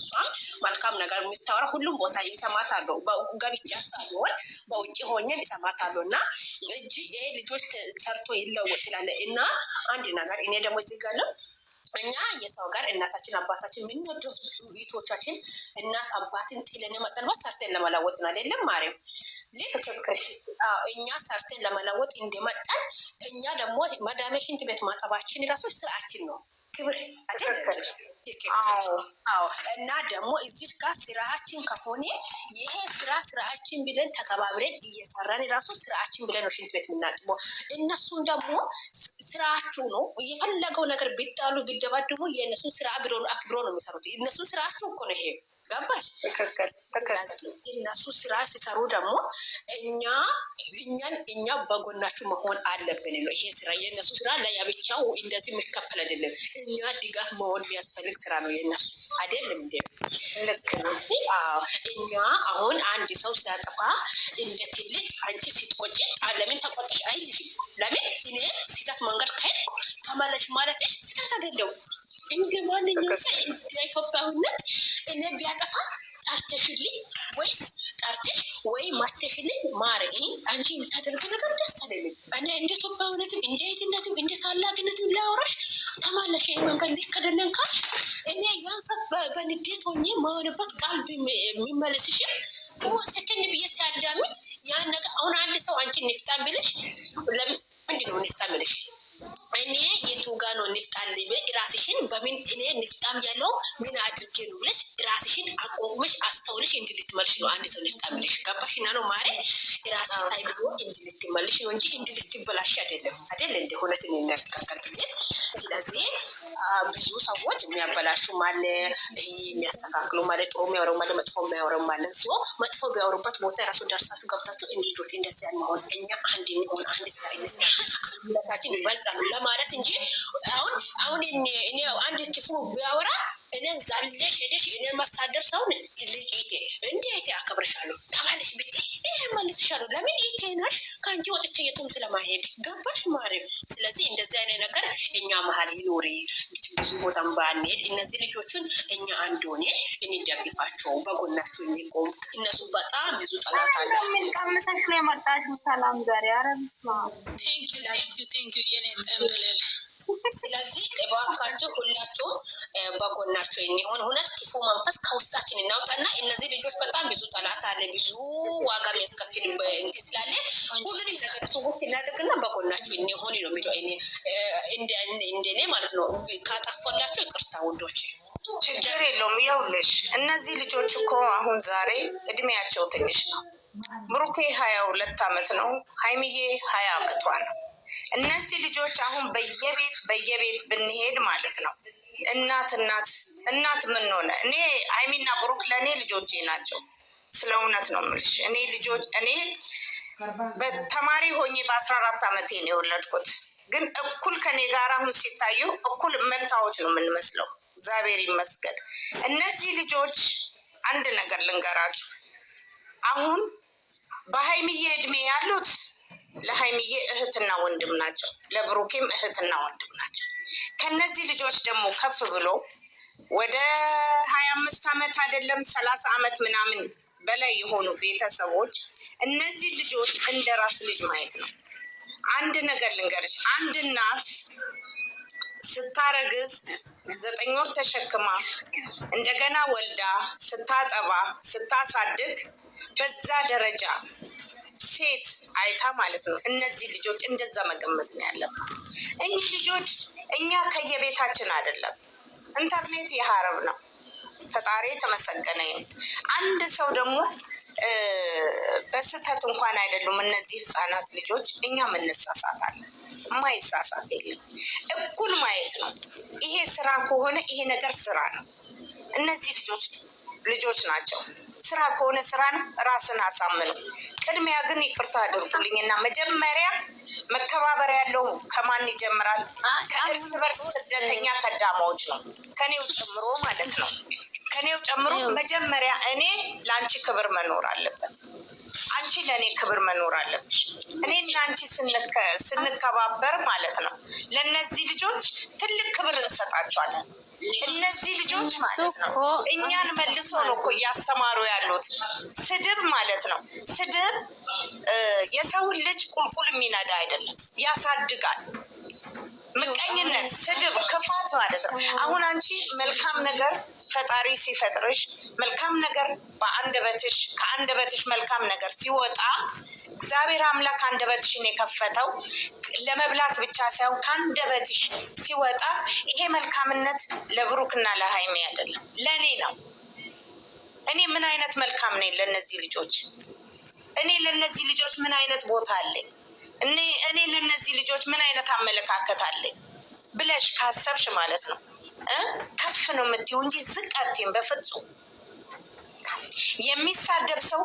እሷም መልካም ነገር የሚታወራ ሁሉም ቦታ ይሰማታለሁ። ገብቼ ሳይሆን በውጭ ሆኜም ይሰማታለሁ እና እጅ ይሄ ልጆች ሰርቶ ይለወጥ ይላል እና አንድ ነገር እኔ ደግሞ እዚህ ጋለም እኛ የሰው ጋር እናታችን አባታችን የምንወደው ቤቶቻችን እናት አባትን ጥለን መጠን ሰርተን ለመለወጥ ነው አይደለም ማሪም ልክ ትክክል እኛ ሰርተን ለመለወጥ እንደመጣን እኛ ደግሞ መዳሜ ሽንት ቤት ማጠባችን ራሱ ስርአችን ነው ክብር አይደለም እና ደግሞ እዚህ ጋር ስራችን ከሆነ ይሄ ስራ ስራችን ብለን ተከባብረን እየሰራን ራሱ ስራችን ብለን ነው ሽንት ቤት የምናጥበው። እነሱም ደግሞ ስራችሁ ነው። የፈለገው ነገር ቢጣሉ ቢደባድቡ የእነሱን ስራ አክብሮ ነው የሚሰሩት። እነሱን ስራችሁ እኮ ነው ይሄ ገባሽ? እነሱ ስራ ሲሰሩ ደግሞ እኛ እኛን እኛ በጎናችሁ መሆን አለብን ነው። ይሄ ስራ የእነሱ ስራ ለያብቻው እንደዚህ የሚከፈል አይደለም። እኛ ድጋፍ መሆን የሚያስፈልግ ስራ ነው የእነሱ አይደለም። እኛ አሁን አንድ ሰው ሲያጠፋ እንደ ትልቅ አንቺ ስትቆጪ ለምን ተቆጠሽ አይልሽም። ለምን እኔ ስህተት መንገድ ከሄድኩ ተመለሽ ማለትሽ ስህተት አይደለም። እንደ ማንኛውም ሰው እንደ ኢትዮጵያዊነት እኔ ቢያጠፋ ጠርተሽልኝ ወይስ ጠርተሽ ወይ ማተሽልኝ ማር አንቺ የምታደርገው ነገር ደስ አይለኝም። እኔ እንደ ኢትዮጵያዊነትም እንደ የትነትም እንደ ታላቅነትም ላውራሽ ተማለሽ ይህ መንገድ ሊከደለን ካ እኔ ያንሳት በንዴት ሆኜ መሆንበት ቃል የሚመለስሽ ሰከን ብዬ ሲያዳምጥ ያን ነገር አሁን አንድ ሰው አንቺ ንፍጣን ብልሽ ለምንድን ነው ንፍጣን ብልሽ እኔ የቱ ጋ ነው ንፍጣን ራስሽን በምን እኔ ንፍጣም ያለው ምን አድርጌ ነው ብለሽ ቆመሽ አስተውልሽ እንጂ ልትመልሽ ነው። አንድ ሰው ልታምንሽ ገባሽ እና ነው ማሪ የራሱ አይብሎ እንጂ ልትመልሽ ነው እንጂ እንጂ ልትበላሽ አይደለም። አይደል እንደ እውነትን የሚያስተካከል ጊዜ ስለዚህ ብዙ ሰዎች የሚያበላሹ ማለ የሚያስተካክሉ ማለ ጥሩ የሚያወረ ማለ መጥፎ የሚያወረ ማለ ሲ መጥፎ ቢያወሩበት ቦታ የራሱ ደርሳችሁ ገብታችሁ እንዲጆት እንደዚያ መሆን እኛ አንድ ሆን አንድ ስራ ይመስላ አንድነታችን ይበልጣሉ ለማለት እንጂ አሁን አሁን እኔ አንድ ክፉ ቢያወራ እኔን ዛለሽ ሄደሽ እኔን ማሳደር ሰውን ልጅ ኢቴ እንዲ ኢቴ አከብርሻለሁ ተባለሽ ብት እኔ መልስሻለሁ። ለምን ኢቴ ናሽ? ከአንቺ ወጥቼ የቱም ስለማሄድ ገባሽ ማሪም። ስለዚህ እንደዚህ አይነት ነገር እኛ መሀል ይኖሪ ብዙ ቦታ ባንሄድ እነዚህ ልጆችን እኛ አንድ ሆኔ እንደግፋቸው፣ በጎናቸው የሚቆም እነሱ በጣም ብዙ ጠላት አለ። ሰላም ዛሬ አረብ ስማ ቴንኪዩ ቴንኪዩ ቴንኪዩ የኔ ጠንብለል ስለዚህ እባካቸው ሁላቸውም በጎናቸው የሚሆን እውነት ክፉ መንፈስ ከውስጣችን እናውጣና እነዚህ ልጆች በጣም ብዙ ጠላት አለ፣ ብዙ ዋጋ የሚያስከፍል እንትን ስላለ ሁሉንም ነገር ትውት እናደርግና በጎናቸው የሚሆን ነው የሚለው እንደኔ ማለት ነው። ካጠፎላቸው ይቅርታ ውዶች። ችግር የለውም። ይኸውልሽ እነዚህ ልጆች እኮ አሁን ዛሬ እድሜያቸው ትንሽ ነው። ብሩኬ ሀያ ሁለት አመት ነው። ሀይሚዬ ሀያ አመቷ ነው። እነዚህ ልጆች አሁን በየቤት በየቤት ብንሄድ ማለት ነው እናት እናት እናት ምን ሆነ እኔ አይሚና ብሩክ ለእኔ ልጆቼ ናቸው። ስለ እውነት ነው የምልሽ። እኔ ልጆች እኔ በተማሪ ሆኜ በአስራ አራት ዓመቴ ነው የወለድኩት። ግን እኩል ከኔ ጋር አሁን ሲታዩ እኩል መንታዎች ነው የምንመስለው። እግዚአብሔር ይመስገን። እነዚህ ልጆች አንድ ነገር ልንገራችሁ። አሁን በሀይሚዬ እድሜ ያሉት ለሀይሚዬ እህትና ወንድም ናቸው፣ ለብሩኬም እህትና ወንድም ናቸው። ከነዚህ ልጆች ደግሞ ከፍ ብሎ ወደ ሀያ አምስት ዓመት አይደለም ሰላሳ ዓመት ምናምን በላይ የሆኑ ቤተሰቦች እነዚህ ልጆች እንደ ራስ ልጅ ማየት ነው። አንድ ነገር ልንገርሽ፣ አንድ እናት ስታረግዝ ዘጠኝ ወር ተሸክማ እንደገና ወልዳ ስታጠባ ስታሳድግ በዛ ደረጃ ሴት አይታ ማለት ነው። እነዚህ ልጆች እንደዛ መገመት ነው ያለብን። እኚህ ልጆች እኛ ከየቤታችን አይደለም፣ ኢንተርኔት የሀረብ ነው። ፈጣሪ የተመሰገነ ይሁን። አንድ ሰው ደግሞ በስህተት እንኳን አይደሉም እነዚህ ህፃናት ልጆች። እኛም እንሳሳታለን፣ ማይሳሳት የለም። እኩል ማየት ነው። ይሄ ስራ ከሆነ ይሄ ነገር ስራ ነው። እነዚህ ልጆች ልጆች ናቸው። ስራ ከሆነ ስራ ራስን አሳምኑ። ቅድሚያ ግን ይቅርታ አድርጉልኝ እና መጀመሪያ መከባበር ያለው ከማን ይጀምራል? ከእርስ በርስ ስደተኛ ከዳማዎች ነው፣ ከኔው ጨምሮ ማለት ነው። ከኔው ጨምሮ መጀመሪያ እኔ ለአንቺ ክብር መኖር አለበት፣ አንቺ ለእኔ ክብር መኖር አለብሽ። እኔ አንቺ ስንከባበር ማለት ነው ለእነዚህ ልጆች ትልቅ ክብር እንሰጣቸዋለን። እነዚህ ልጆች ማለት ነው እኛን መልሶ ነው እኮ እያስተማሩ ያሉት። ስድብ ማለት ነው ስድብ የሰውን ልጅ ቁልቁል የሚነዳ አይደለም፣ ያሳድጋል። ምቀኝነት፣ ስድብ፣ ክፋት ማለት ነው። አሁን አንቺ መልካም ነገር ፈጣሪ ሲፈጥርሽ መልካም ነገር በአንደበትሽ ከአንደበትሽ መልካም ነገር ሲወጣ እግዚአብሔር አምላክ አንደበትሽን የከፈተው ለመብላት ብቻ ሳይሆን ከአንደበትሽ ሲወጣ ይሄ መልካምነት ለብሩክና ለሀይሜ አይደለም፣ ለእኔ ነው። እኔ ምን አይነት መልካም ነኝ ለእነዚህ ልጆች? እኔ ለእነዚህ ልጆች ምን አይነት ቦታ አለኝ? እኔ ለእነዚህ ልጆች ምን አይነት አመለካከት አለኝ ብለሽ ካሰብሽ ማለት ነው ከፍ ነው የምትይው እንጂ ዝቅ አትይም በፍጹም። የሚሳደብ ሰው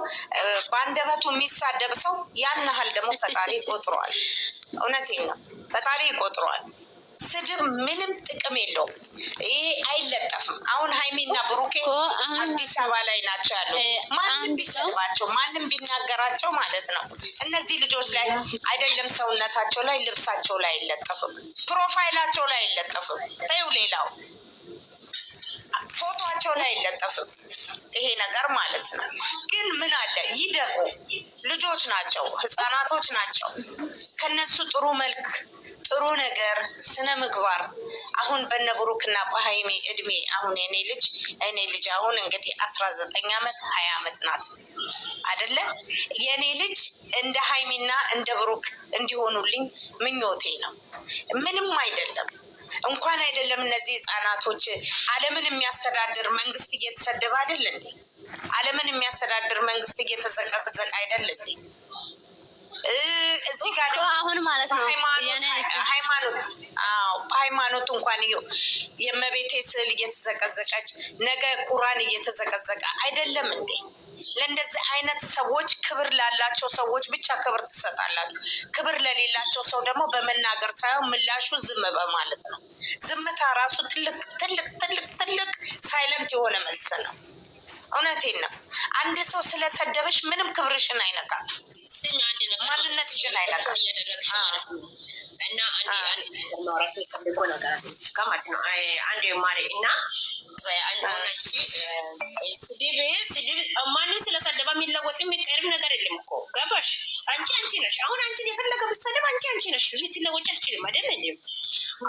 በአንደበቱ የሚሳደብ ሰው ያን ያህል ደግሞ ፈጣሪ ይቆጥረዋል። እውነቴን ነው፣ ፈጣሪ ይቆጥረዋል። ስድብ ምንም ጥቅም የለውም። ይሄ አይለጠፍም። አሁን ሀይሚና ብሩኬ አዲስ አበባ ላይ ናቸው ያሉ። ማንም ቢሰድባቸው ማንም ቢናገራቸው ማለት ነው እነዚህ ልጆች ላይ አይደለም ሰውነታቸው ላይ ልብሳቸው ላይ አይለጠፍም፣ ፕሮፋይላቸው ላይ አይለጠፍም፣ ተይው ሌላው ፎቶቸው ላይ አይለጠፍም። ይሄ ነገር ማለት ነው። ግን ምን አለ ይደጉ ልጆች ናቸው፣ ህፃናቶች ናቸው። ከነሱ ጥሩ መልክ፣ ጥሩ ነገር፣ ስነ ምግባር አሁን በነ ብሩክና በሀይሜ እድሜ አሁን የኔ ልጅ እኔ ልጅ አሁን እንግዲህ አስራ ዘጠኝ አመት ሀያ አመት ናት አደለ? የእኔ ልጅ እንደ ሀይሜና እንደ ብሩክ እንዲሆኑልኝ ምኞቴ ነው። ምንም አይደለም። እንኳን አይደለም እነዚህ ህጻናቶች አለምን የሚያስተዳድር መንግስት እየተሰደበ አይደል እንዴ? አለምን የሚያስተዳድር መንግስት እየተዘቀዘቀ አይደል እንዴ? አሁን ማለት ነው ሃይማኖት በሃይማኖት እንኳን የእመቤቴ ስዕል እየተዘቀዘቀች ነገ ቁራን እየተዘቀዘቀ አይደለም እንዴ? ለእንደዚህ አይነት ሰዎች ክብር ላላቸው ሰዎች ብቻ ክብር ትሰጣላችሁ። ክብር ለሌላቸው ሰው ደግሞ በመናገር ሳይሆን ምላሹ ዝም በማለት ነው። ዝምታ ራሱ ትልቅ ትልቅ ትልቅ ትልቅ ሳይለንት የሆነ መልስ ነው። እውነቴን ነው። አንድ ሰው ስለሰደበች ምንም ክብርሽን አይነካም፣ ማንነትሽን አይነካም። እና ማንም ስለሰደበ የሚለወጥ የሚቀርብ ነገር የለም እኮ ገባሽ? አንቺ አንቺ ነሽ። አሁን አንቺን የፈለገ ብሰደብ አንቺ አንቺ ነሽ። ልትለወጭ አልችልም አይደል?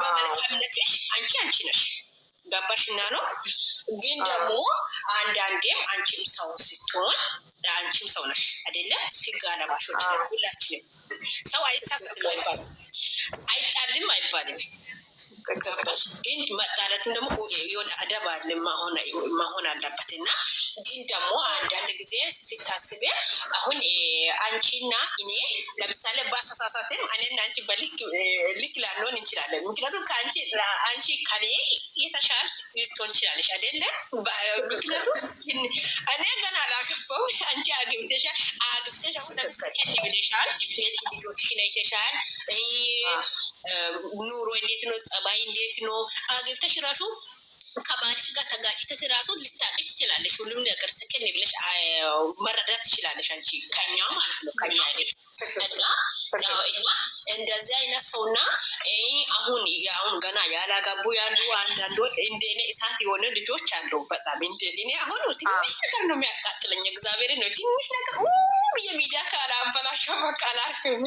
በመልካምነትሽ አንቺ አንቺ ነሽ። ገባሽ? እና ነው ግን ደግሞ አንዳንዴም አንቺም ሰው ስትሆን አንቺም ሰው ነሽ አይደለም። ስጋ ለባሾች ሁላችንም ሰው አይሳሳትም አይባልም፣ አይጣልም አይባልም። ግን መጣላትም ደግሞ የሆነ አደብ አለ መሆን አለበት እና ግን ደግሞ አንዳንድ ጊዜ ሲታስበ አሁን አንቺና እኔ ለምሳሌ በአስተሳሳትም እኔና አንቺ በልክ ላንሆን እንችላለን። ምክንያቱም ከአንቺ አንቺ ከኔ የተሻል ልትሆን ይችላለች አይደለም? ምክንያቱም እኔ ገና አላገባሁም፣ አንቺ አግብተሻል። አግብተሽ አሁን ለምሳሌ ብለሻል፣ ልጆችሽን አይተሻል ኑሮ እንዴት ነው? ጸባይ እንዴት ነው? አግብተሽ ራሱ ከባልሽ ጋር ተጋጭተሽ ራሱ ልታቅሽ ትችላለሽ። ሁሉም ነገር ስክን ብለሽ መረዳት ትችላለሽ። አንቺ ከኛ ማለት ነው ከኛ አይደል እና እንደዚህ አይነት ሰውና አሁን አሁን ገና ያላጋቡ ያሉ አንዳንድ እንደኔ እሳት የሆነ ልጆች አለው። በጣም እንደኔ አሁን ትንሽ ነገር ነው የሚያቃጥለኝ። እግዚአብሔር ነው ትንሽ ነገር የሚዲያ ካላበላሸው በቃ አላርፍም።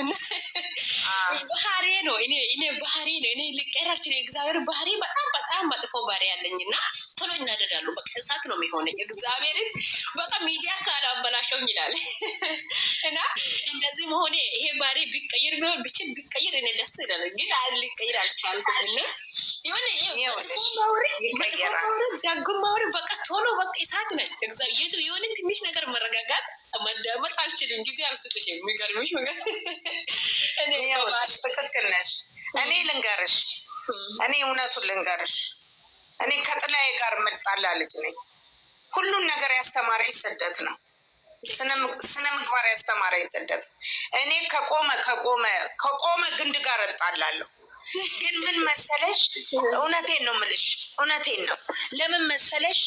ባህሬ ነው እኔ እኔ ባህሬ ነው እኔ ልቀራችን እግዚአብሔር ባህሬ በጣም በጣም መጥፎ ባህሬ ያለኝ እና ቶሎ ይናደዳሉ። በቃ እሳት ነው የሚሆነኝ። እግዚአብሔርን በቃ ሚዲያ ካላ ካላበላሸው ይላል እና እንደዚህ መሆኔ ይሄ ባህሬ ቢቀይር ቢሆን ብችል ቢቀይር እኔ ደስ ይላል፣ ግን ሊቀይር አልቻልኩም እና የሆነ ማውረድ ዳግም ማውረድ በቃ ቶሎ በቃ እሳት ነች። የሆነ ትንሽ ነገር መረጋጋት መዳመጥ አልችልም። ጊዜ አልሰጥሽ። የሚገርምሽ እኔሽ ትክክል ነሽ። እኔ ልንገርሽ፣ እኔ እውነቱን ልንገርሽ፣ እኔ ከጥላዬ ጋር የምጣላ ልጅ ነኝ። ሁሉን ነገር ያስተማረኝ ስደት ነው። ስነ ምግባር ያስተማረኝ ስደት። እኔ ከቆመ ከቆመ ከቆመ ግንድ ጋር እጣላለሁ። ግን ምን መሰለሽ፣ እውነቴን ነው ምልሽ፣ እውነቴን ነው። ለምን መሰለሽ፣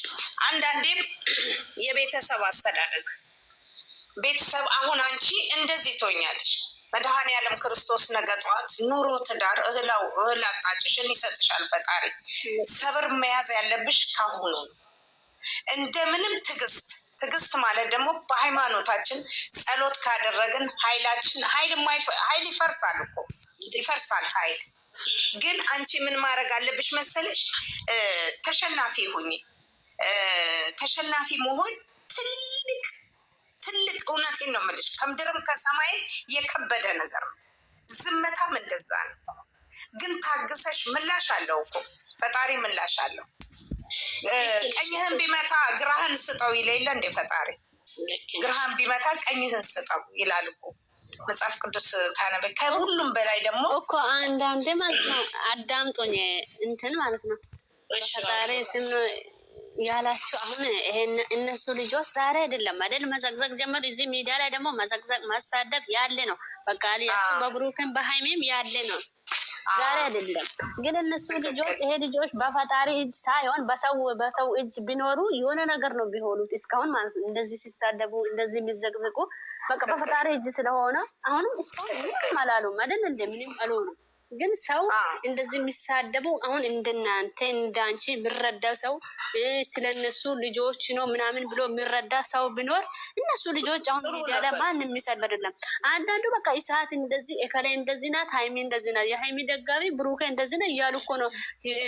አንዳንዴም የቤተሰብ አስተዳደግ ቤተሰብ አሁን አንቺ እንደዚህ ትሆኛለሽ። መድኃኔዓለም ክርስቶስ ነገ ጠዋት ኑሮ፣ ትዳር፣ እህላው እህል አጣጭሽን ይሰጥሻል ፈጣሪ። ሰብር መያዝ ያለብሽ ካሁኑ እንደምንም ትዕግስት ትዕግስት ማለት ደግሞ በሃይማኖታችን ጸሎት ካደረግን ኃይላችን ኃይል ይፈርሳል እኮ ይፈርሳል ኃይል ግን አንቺ ምን ማድረግ አለብሽ መሰለሽ? ተሸናፊ ሁኚ። ተሸናፊ መሆን ትልቅ ትልቅ እውነቴን ነው የምልሽ፣ ከምድርም ከሰማይም የከበደ ነገር ነው። ዝምታም እንደዛ ነው። ግን ታግሰሽ ምላሽ አለው እኮ ፈጣሪ ምላሽ አለው። ቀኝህን ቢመታ ግራህን ስጠው ይለለ እንደ ፈጣሪ ግራህን ቢመታ ቀኝህን ስጠው ይላል እኮ መጽሐፍ ቅዱስ ታነበ። ከሁሉም በላይ ደግሞ እኮ አንዳንዴ ማለት ነው አዳምጦኝ እንትን ማለት ነው በፈጣሪ ስም ነው ያላችሁ አሁን እነሱ ልጆች ዛሬ አይደለም አይደል መዘግዘግ ጀመሩ። እዚህ ሚዲያ ላይ ደግሞ መዘግዘግ ማሳደብ ያለ ነው። በቃ ያችሁ በብሩክን በሃይሜም ያለ ነው። ዛሬ አይደለም ግን እነሱ ልጆች ይሄ ልጆች በፈጣሪ እጅ ሳይሆን በሰው በሰው እጅ ቢኖሩ የሆነ ነገር ነው ቢሆኑት እስካሁን ማለት ነው። እንደዚህ ሲሳደቡ እንደዚህ የሚዘግዝቁ በቃ በፈጣሪ እጅ ስለሆነ አሁንም እስካሁን ምንም አላሉም አይደል ምንም አልሆኑም። ግን ሰው እንደዚህ የሚሳደቡ አሁን እንደናንተ እንዳንቺ የሚረዳ ሰው ስለነሱ ልጆች ነው ምናምን ብሎ የሚረዳ ሰው ቢኖር እነሱ ልጆች አሁን ሚዲያላ ማን የሚሰድብ አይደለም። አንዳንዱ በቃ ይሰዓት እንደዚህ እከሌ እንደዚህ ናት፣ ሀይሚ እንደዚህ ናት፣ የሀይሚ ደጋቢ ብሩኬ እንደዚህ ነው እያሉ እኮ ነው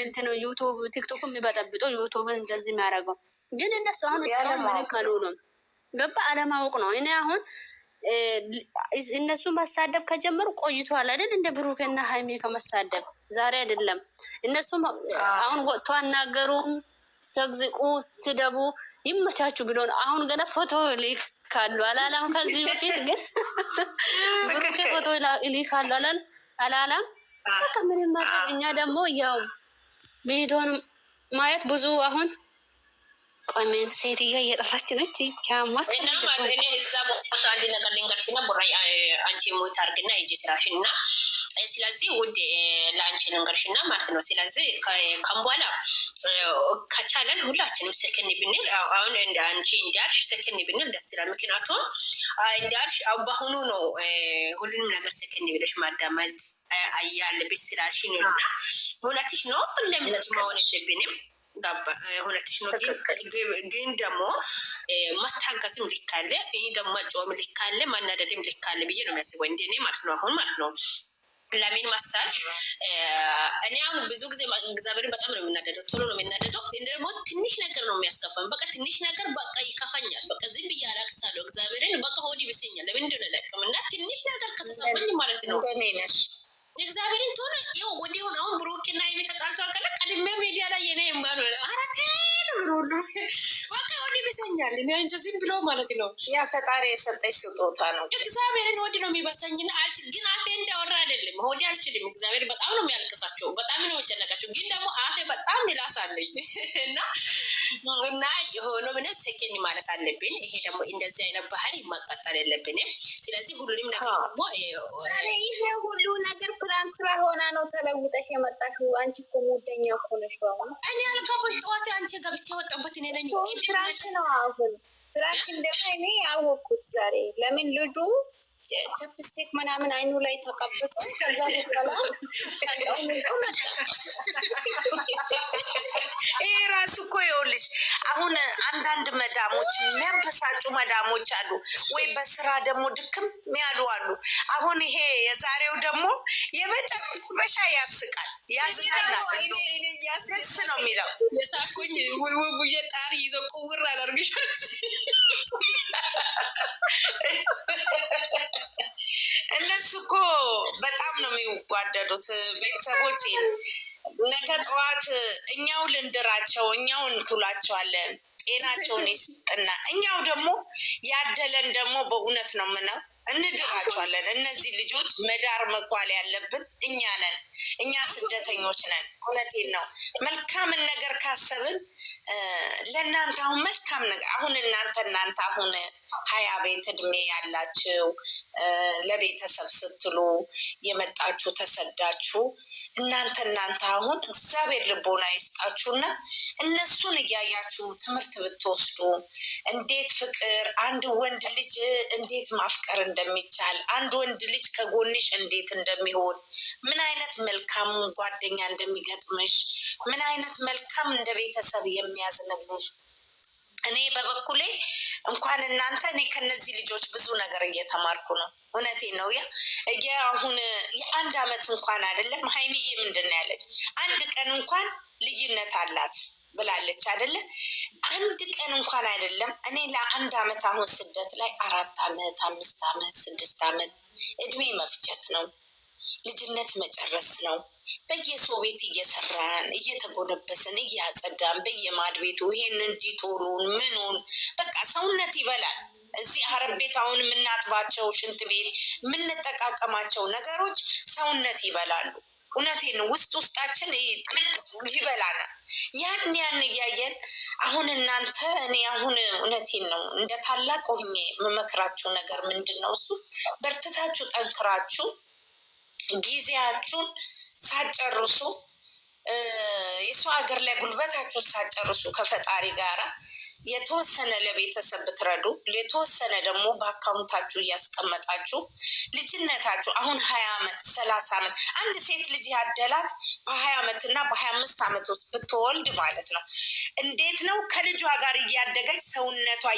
እንትን ዩቱብ ቲክቶክ የሚበጠብጠው ዩቱብን እንደዚህ የሚያደርገው ግን እነሱ አሁን ምንም ከሉ ነው ገባ አለማወቅ ነው እኔ አሁን እነሱ ማሳደብ ከጀመሩ ቆይተዋል አይደል? እንደ ብሩክና ሀይሜ ከመሳደብ ዛሬ አይደለም። እነሱ አሁን ወጥቶ አናገሩም፣ ዘግዝቁ፣ ስደቡ፣ ይመቻችሁ ብሎን አሁን ገና ፎቶ ሊክ ካሉ አላላም። ከዚህ በፊት ግን ብሩክ ፎቶ ይልካሉ አላል አላላም። በቃ ምንም እኛ ደግሞ ያው ቪዲዮን ማየት ብዙ አሁን ቆሜን ሴትዮ እየጠራች ነች። እኔ እዛ ቦታ አንድ ነገር ልንገርሽና ቡራ አንቺ ሞት አርግና እንጂ ስራሽን እና ስለዚህ ውድ ለአንቺ ልንገርሽና ማለት ነው። ስለዚህ ከም ከቻለን ሁላችንም ስልክን ብንል አሁን አንቺ እንዳልሽ ስልክን ብንል ደስ ይላል። ምክንያቱም እንዳልሽ በአሁኑ ነው ሁሉንም ነገር ስልክን ብለሽ ማዳመጥ ያለብሽ ስራሽን እና እውነትሽ ነው። ለምን መሆን የለብንም ሆነትሽ ነው። ግን ደግሞ መታገስም ልካለ፣ ይህ ደግሞ ጮም ልካለ፣ ማናደድም ልካለ ብዬ ነው የሚያስበው እንደኔ ማለት ነው። አሁን ማለት ነው ለምን መሰልሽ? እኔ አሁን ብዙ ጊዜ እግዚአብሔርን በጣም ነው የምናደደው፣ ቶሎ ነው የምናደደው። ደግሞ ትንሽ ነገር ነው የሚያስከፋን። በቃ ትንሽ ነገር አትሰቂኝ ማለት አለብን። ይሄ ደግሞ እንደዚህ አይነት ባህል መቀጠል የለብንም። ስለዚህ ሁሉንም ነገር ይሄ ሁሉ ነገር ፕራንክ ስራ ሆና ነው ተለውጠሽ የመጣሽ። አንቺ እኮ ሙደኛ እኮ ነሽ። እኔ አልገባኝ። ጠዋት አንቺ ገብቼ ወጣበት እኔ ነኝ። ፕራንክ ነው አሁን ፕራንክ እንደሆነ እኔ ያወቅኩት ዛሬ። ለምን ልጁ ቻፕስቲክ ምናምን አይኑ ላይ ተቀብጾ ከዛ በኋላ ይሄ ራሱ እኮ ይኸውልሽ፣ አሁን አንዳንድ መዳሞች የሚያበሳጩ መዳሞች አሉ፣ ወይ በስራ ደግሞ ድክም ያሉ አሉ። አሁን ይሄ የዛሬው ደግሞ የመጨረሻ ያስቃል፣ ያዝናናል፣ ደስ ነው የሚለው የሳኩኝ ጣሪ ይዞ ቁውር አደርግሻል እነሱ እኮ በጣም ነው የሚዋደዱት ቤተሰቦች ነገ ጠዋት እኛው ልንድራቸው እኛው እንክሏቸዋለን። ጤናቸውን ይስጥና እኛው ደግሞ ያደለን ደግሞ በእውነት ነው ምነው እንድራቸዋለን። እነዚህ ልጆች መዳር መኳል ያለብን እኛ ነን። እኛ ስደተኞች ነን። እውነቴን ነው። መልካምን ነገር ካሰብን ለእናንተ አሁን መልካም ነገር አሁን እናንተ እናንተ አሁን ሀያ ቤት እድሜ ያላችሁ ለቤተሰብ ስትሉ የመጣችሁ ተሰዳችሁ እናንተ እናንተ አሁን እግዚአብሔር ልቦና ይስጣችሁና እነሱን እያያችሁ ትምህርት ብትወስዱ እንዴት ፍቅር፣ አንድ ወንድ ልጅ እንዴት ማፍቀር እንደሚቻል፣ አንድ ወንድ ልጅ ከጎንሽ እንዴት እንደሚሆን፣ ምን አይነት መልካም ጓደኛ እንደሚገጥምሽ፣ ምን አይነት መልካም እንደ ቤተሰብ የሚያዝንልሽ እኔ በበኩሌ እንኳን እናንተ እኔ ከነዚህ ልጆች ብዙ ነገር እየተማርኩ ነው። እውነቴ ነው። ያ አሁን የአንድ አመት እንኳን አይደለም ሀይሚዬ ምንድን ነው ያለች? አንድ ቀን እንኳን ልዩነት አላት ብላለች አይደለ? አንድ ቀን እንኳን አይደለም። እኔ ለአንድ አመት አሁን ስደት ላይ አራት አመት አምስት አመት ስድስት አመት እድሜ መፍጨት ነው፣ ልጅነት መጨረስ ነው። በየሰው ቤት እየሰራን እየተጎነበስን እያጸዳን በየማድ ቤቱ ይሄንን ዲቶሉን ምኑን በቃ ሰውነት ይበላል። እዚህ አረብ ቤት አሁን የምናጥባቸው ሽንት ቤት የምንጠቃቀማቸው ነገሮች ሰውነት ይበላሉ። እውነቴን ውስጥ ውስጣችን ይበላናል። ያን ያን እያየን አሁን እናንተ እኔ አሁን እውነቴን ነው እንደ ታላቅ ሆኜ የምመክራችሁ ነገር ምንድን ነው? እሱ በርትታችሁ ጠንክራችሁ ጊዜያችሁን ሳጨርሱ የሰው ሀገር ላይ ጉልበታችሁን ሳጨርሱ ከፈጣሪ ጋራ የተወሰነ ለቤተሰብ ብትረዱ የተወሰነ ደግሞ በአካውንታችሁ እያስቀመጣችሁ ልጅነታችሁ አሁን ሀያ ዓመት ሰላሳ ዓመት አንድ ሴት ልጅ ያደላት በሀያ አመት እና በሀያ አምስት አመት ውስጥ ብትወልድ ማለት ነው። እንዴት ነው ከልጇ ጋር እያደገች ሰውነቷ